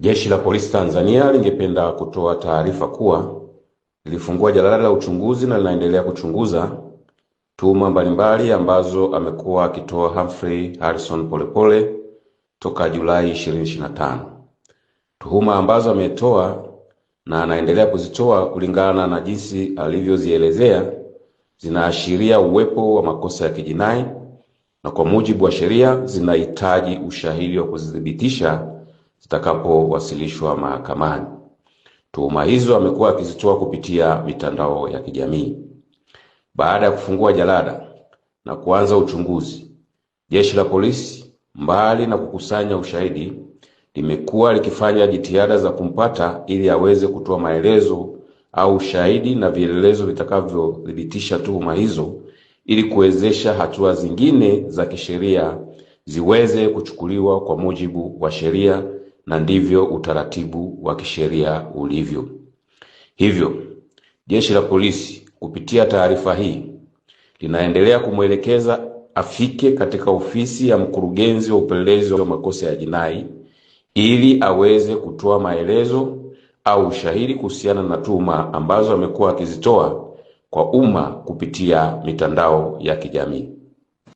Jeshi la Polisi Tanzania lingependa kutoa taarifa kuwa lilifungua jalada la uchunguzi na linaendelea kuchunguza tuhuma mbalimbali ambazo amekuwa akitoa Humphrey Harrison Polepole toka Julai 2025. Tuhuma ambazo ametoa na anaendelea kuzitoa kulingana na jinsi alivyozielezea zinaashiria uwepo wa makosa ya kijinai na kwa mujibu wa sheria zinahitaji ushahidi wa kuzithibitisha zitakapowasilishwa mahakamani. Tuhuma hizo amekuwa akizitoa kupitia mitandao ya kijamii. Baada ya kufungua jalada na kuanza uchunguzi, jeshi la polisi, mbali na kukusanya ushahidi, limekuwa likifanya jitihada za kumpata ili aweze kutoa maelezo au ushahidi na vielelezo vitakavyothibitisha tuhuma hizo ili kuwezesha hatua zingine za kisheria ziweze kuchukuliwa kwa mujibu wa sheria na ndivyo utaratibu wa kisheria ulivyo. Hivyo, Jeshi la Polisi kupitia taarifa hii linaendelea kumwelekeza afike katika ofisi ya mkurugenzi wa upelelezi wa makosa ya jinai ili aweze kutoa maelezo au ushahidi kuhusiana na tuhuma ambazo amekuwa akizitoa kwa umma kupitia mitandao ya kijamii.